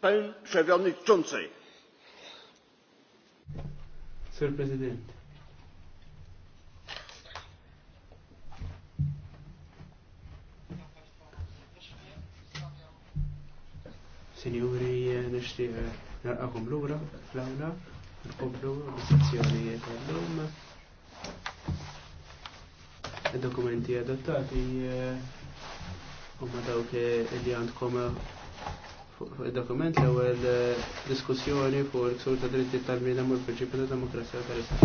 Pan Przewodniczący. Sir President. Sinjuri, nishtiq narqakum l-ura, fl-awla, nkomplu l-sezzjoni tal-lum. Dokumenti adottati eh, u ma li għandkom il-dokument l-ewwel eh, diskussjoni fuq il-ksur ta' dritti tal-bniedem u l-prinċipju ta' demokrazija tal-Istat.